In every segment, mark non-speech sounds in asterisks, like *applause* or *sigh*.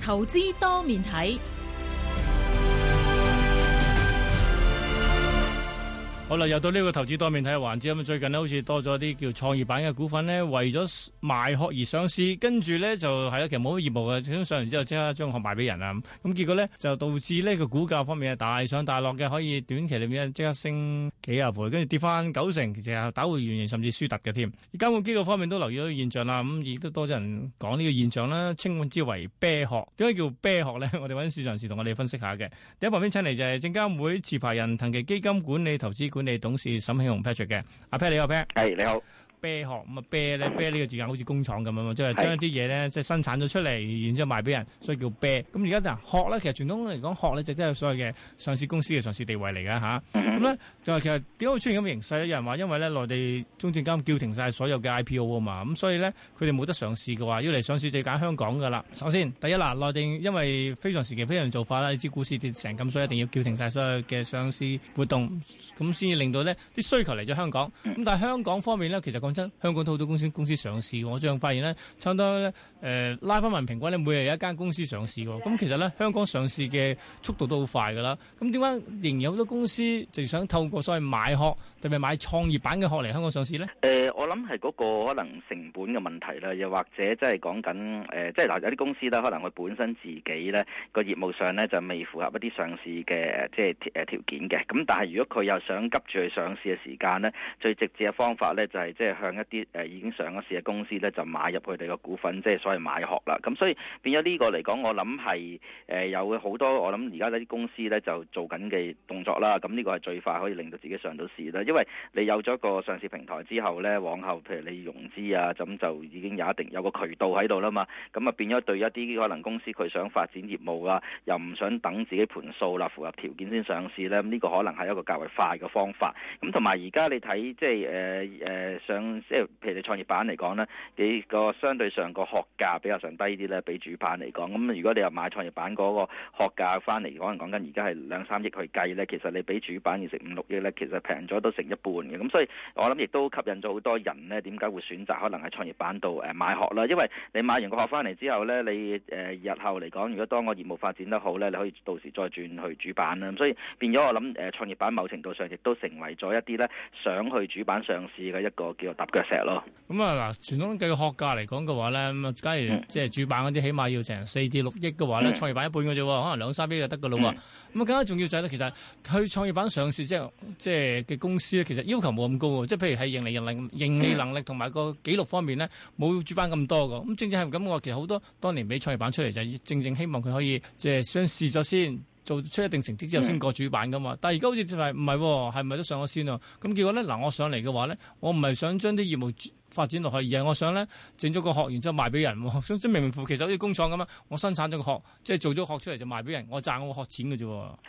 投資多面睇。好啦，又到呢個投資多面睇嘅環節，咁最近呢，好似多咗啲叫創業板嘅股份呢為咗賣殼而上市，跟住呢，就係咧其實冇乜業務嘅，上完之後即刻將殼賣俾人啊，咁結果呢，就導致呢個股價方面係大上大落嘅，可以短期裏面即刻升幾十倍，跟住跌翻九成，其實打回原形甚至輸突嘅添。而監管機構方面都留意到現象啦，咁亦都多咗人講呢個現象啦。稱之為啤殼。點解叫啤殼呢？我哋揾市場人士同我哋分析下嘅。第一旁邊請嚟就係證監會持牌人騰祺基金管理投資顧。管理董事沈慶洪 Patrick 嘅阿 Pat 你好 Pat 係你好啤殼咁啊啤咧啤呢個字眼好似工廠咁樣嘛，即係將一啲嘢咧即係生產咗出嚟，然之後賣俾人，所以叫啤。咁而家嗱殼咧，其實傳統嚟講殼咧就即、是、係所謂嘅上市公司嘅上市地位嚟嘅。嚇、啊。咁、嗯、咧就係、是、其實點解會出現咁嘅形勢咧？有人話因為咧內地中證監叫停晒所有嘅 IPO 啊嘛，咁所以咧佢哋冇得上市嘅話，要嚟上市就揀香港㗎啦。首先第一嗱內地因為非常時期非常做法啦，你知股市跌成咁，所以一定要叫停晒所有嘅上市活動，咁先至令到咧啲需求嚟咗香港。咁但係香港方面咧，其實香港都好多公司公司上市，我最近發現咧，差唔多咧。誒、呃、拉翻文平均咧，每日有一間公司上市喎。咁其實咧，香港上市嘅速度都好快㗎喇。咁點解仍然有好多公司仲想透過所謂買殼，特別係買創業板嘅殼嚟香港上市呢？誒、呃，我諗係嗰個可能成本嘅問題啦，又或者即係講緊誒，即係嗱有啲公司咧，可能佢本身自己呢個業務上呢，就未符合一啲上市嘅即係誒條件嘅。咁但係如果佢又想急住去上市嘅時間呢，最直接嘅方法呢、就是，就係即係向一啲誒、呃、已經上咗市嘅公司呢，就買入佢哋嘅股份，即、就、係、是去買殼啦，咁所以變咗呢個嚟講，我諗係誒有好多我諗而家啲公司咧就做緊嘅動作啦。咁呢個係最快可以令到自己上到市啦，因為你有咗個上市平台之後咧，往後譬如你融資啊，咁就，就已經有一定有一個渠道喺度啦嘛。咁啊變咗對一啲可能公司佢想發展業務啊，又唔想等自己盤數啦符合條件先上市咧，咁呢個可能係一個較為快嘅方法。咁同埋而家你睇即係誒誒上即係譬如你創業板嚟講咧，你個相對上個殼。價比較上低啲咧，比主板嚟講，咁如果你又買創業板嗰個殼價翻嚟，可能講緊而家係兩三億去計咧，其實你比主板要成五六億咧，其實平咗都成一半嘅。咁所以，我諗亦都吸引咗好多人咧，點解會選擇可能喺創業板度誒買殼啦？因為你買完個殼翻嚟之後咧，你誒日後嚟講，如果當個業務發展得好咧，你可以到時再轉去主板啦。咁所以變咗我諗誒創業板某程度上亦都成為咗一啲咧想去主板上市嘅一個叫做踏腳石咯。咁啊嗱，傳統嘅殼價嚟講嘅話咧即係主板嗰啲，起碼要成四至六億嘅話咧，創業板一半嘅啫，可能兩三億就得噶啦。咁更加重要就係咧，其實去創業板上市之後即係嘅公司咧，其實要求冇咁高嘅，即係譬如係盈利、盈利盈利能力同埋個記錄方面咧，冇主板咁多嘅。咁正正係咁話，其實好多當年俾創業板出嚟就正正希望佢可以即係想試咗先試，做出一定成績之後先過主板噶嘛。但係而家好似就係唔係，係咪、哦、都上咗先啊？咁結果咧，嗱，我上嚟嘅話咧，我唔係想將啲業務。發展落去，而係我想咧整咗個殼，然之後賣俾人。即係名副其實，好似工廠咁啦。我生產咗個殼，即係做咗殼出嚟就賣俾人，我賺我個殼錢嘅啫。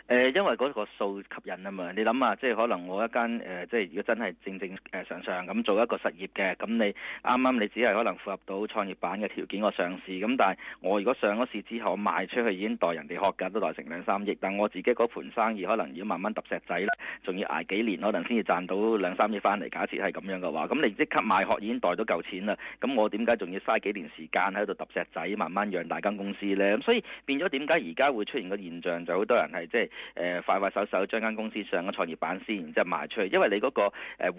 誒，因為嗰個數吸引啊嘛。你諗下，即係可能我一間誒，即係如果真係正正誒常常咁做一個實業嘅，咁你啱啱你只係可能符合到創業板嘅條件個上市。咁但係我如果上咗市之後，我賣出去已經代人哋殼㗎，都代成兩三億。但我自己嗰盤生意，可能要慢慢揼石仔咧，仲要捱幾年，可能先至賺到兩三億翻嚟。假設係咁樣嘅話，咁你即刻賣殼袋到夠錢啦，咁我點解仲要嘥幾年時間喺度揼石仔，慢慢養大間公司呢？咁所以變咗點解而家會出現個現象，就好多人係即係快快手手將間公司上咗創業板先，然之後賣出去，因為你嗰個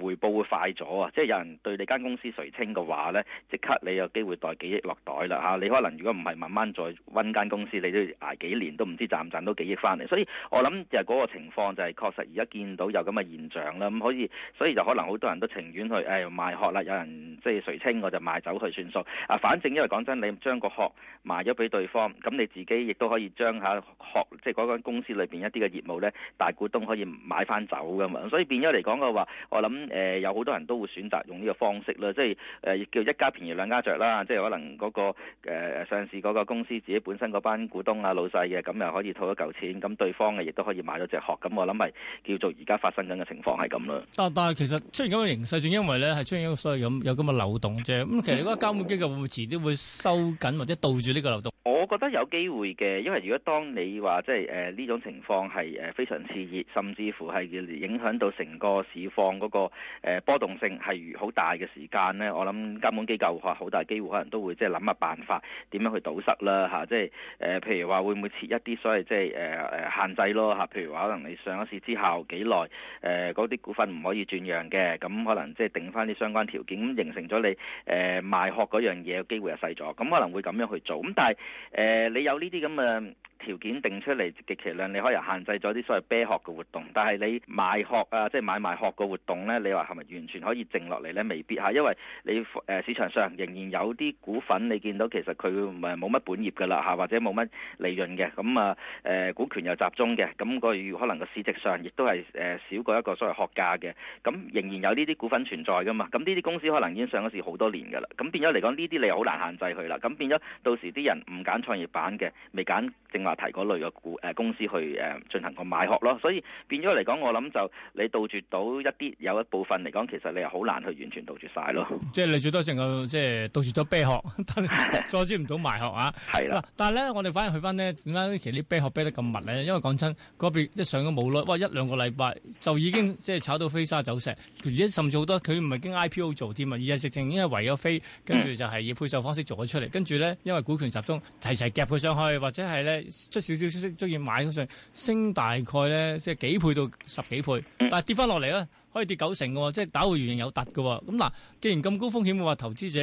回報會快咗啊！即係有人對你間公司垂青嘅話呢，即刻你有機會袋幾億落袋啦、嚇、你可能如果唔係慢慢再温間公司，你都挨幾年都唔知賺唔賺到幾億翻嚟。所以我諗就係嗰個情況，就係確實而家見到有咁嘅現象啦。咁可以，所以就可能好多人都情願去誒賣殼啦，有人。即係誰清我就賣走佢算數啊！反正因為講真，你將個殼賣咗俾對方，咁你自己亦都可以將下殼，即係嗰間公司裏邊一啲嘅業務呢，大股東可以買翻走噶嘛。所以變咗嚟講嘅話，我諗誒、呃、有好多人都會選擇用呢個方式啦。即係誒、呃、叫一家便宜兩家着啦。即係可能嗰、嗰個、呃、上市嗰個公司自己本身嗰班股東啊老細嘅、啊，咁又可以套一嚿錢，咁對方嘅亦都可以買到隻殼。咁我諗咪叫做而家發生緊嘅情況係咁啦。啊！但係其實出現咁嘅形勢，正因為呢係出現一個咁。咁嘅漏洞啫，咁其實你嗰個監管機構會,會遲啲會收緊或者堵住呢個漏洞。我覺得有機會嘅，因為如果當你話即係誒呢種情況係誒非常熾熱，甚至乎係影響到成個市況嗰、嗰個、呃、波動性係好大嘅時間咧，我諗監管機構嚇好大機會可能都會即係諗下辦法點樣去堵塞啦吓，即係誒、呃、譬如話會唔會設一啲所謂即係誒誒限制咯吓、啊，譬如話可能你上咗市之後幾耐誒嗰啲股份唔可以轉讓嘅，咁可能即係定翻啲相關條件形成咗你誒、呃、賣殼嗰樣嘢嘅機會，又細咗，咁可能會咁樣去做。咁但係誒、呃，你有呢啲咁嘅。條件定出嚟，極其量你可以限制咗啲所謂啤殼嘅活動，但係你賣殼啊，即係買賣殼嘅活動呢，你話係咪完全可以靜落嚟呢？未必嚇，因為你市場上仍然有啲股份，你見到其實佢唔係冇乜本業㗎啦嚇，或者冇乜利潤嘅，咁啊誒股權又集中嘅，咁個可能個市值上亦都係誒少過一個所謂殼價嘅，咁仍然有呢啲股份存在㗎嘛，咁呢啲公司可能已經上咗市好多年㗎啦，咁變咗嚟講呢啲你好難限制佢啦，咁變咗到時啲人唔揀創業板嘅，未揀正話。提嗰類嘅股公司去誒進行個買殼咯，所以變咗嚟講，我諗就你杜絕到一啲有一部分嚟講，其實你又好難去完全杜絕晒咯。即係你最多淨係即係杜絕咗啤殼，再 *laughs* 止唔到買殼啊。係啦，但係咧，我哋反而去翻呢，點解其實啲啤殼啤得咁密咧？因為講真，嗰邊一上咗冇耐，哇！一兩個禮拜就已經即係炒到飛沙走石，而且甚至好多佢唔係經 I P O 做添啊，而係直情因為為咗飛，跟住就係以配售方式做咗出嚟，跟住咧因為股權集中齊齊夾佢上去，或者係咧。出少少消息，中意買咗，上升大概咧，即係幾倍到十幾倍，但係跌翻落嚟咧。可以跌九成喎，即係打回原形有突嘅喎。咁嗱，既然咁高風險嘅話，投資者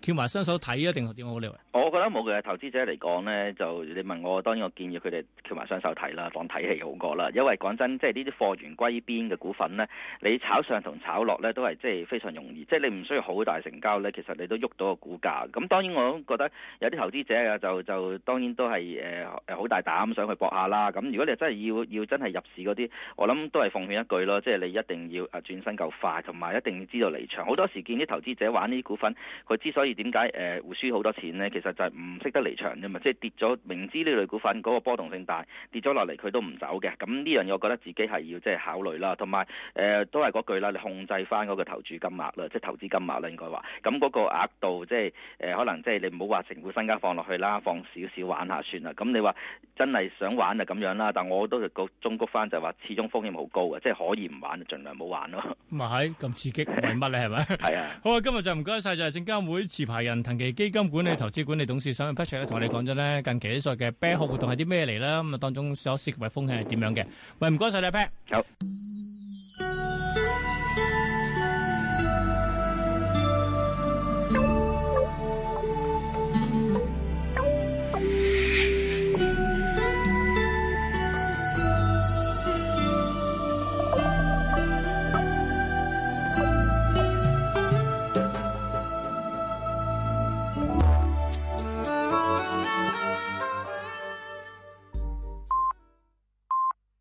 翹埋雙手睇一定點好你話？我覺得冇嘅，投資者嚟講呢，就你問我，當然我建議佢哋翹埋雙手睇啦，當睇戲好過啦。因為講真，即係呢啲貨源歸邊嘅股份呢，你炒上同炒落呢都係即係非常容易，即係你唔需要好大成交呢。其實你都喐到個股價。咁當然我覺得有啲投資者啊，就就當然都係誒誒好大膽想去搏下啦。咁如果你真係要要真係入市嗰啲，我諗都係奉勸一句咯，即係你一定要。轉身夠快，同埋一定要知道離場。好多時見啲投資者玩呢啲股份，佢之所以點解誒會輸好多錢咧，其實就係唔識得離場啫嘛。即係跌咗，明知呢類股份嗰個波動性大，跌咗落嚟佢都唔走嘅。咁呢樣嘢我覺得自己係要即係考慮啦。同埋誒都係嗰句啦，你控制翻嗰個投注金額啦，即係投資金額啦，應該話。咁嗰個額度即係呃、可能即係你唔好話成股身家放落去啦，放少少玩下算啦。咁你話真係想玩就咁樣啦，但我都係谷中谷翻就話，始終風險好高嘅，即係可以唔玩，就盡量冇玩。咁啊喺咁刺激為乜咧係咪？係啊，好啊，今日就唔該晒，就係證監會持牌人騰祺基金管理投資管理董事沈 Patrick 咧同我哋講咗咧近期呢啲所謂嘅啤殼活動係啲咩嚟啦？咁啊當中所涉及嘅風險係點樣嘅？喂，唔該晒你 Patrick。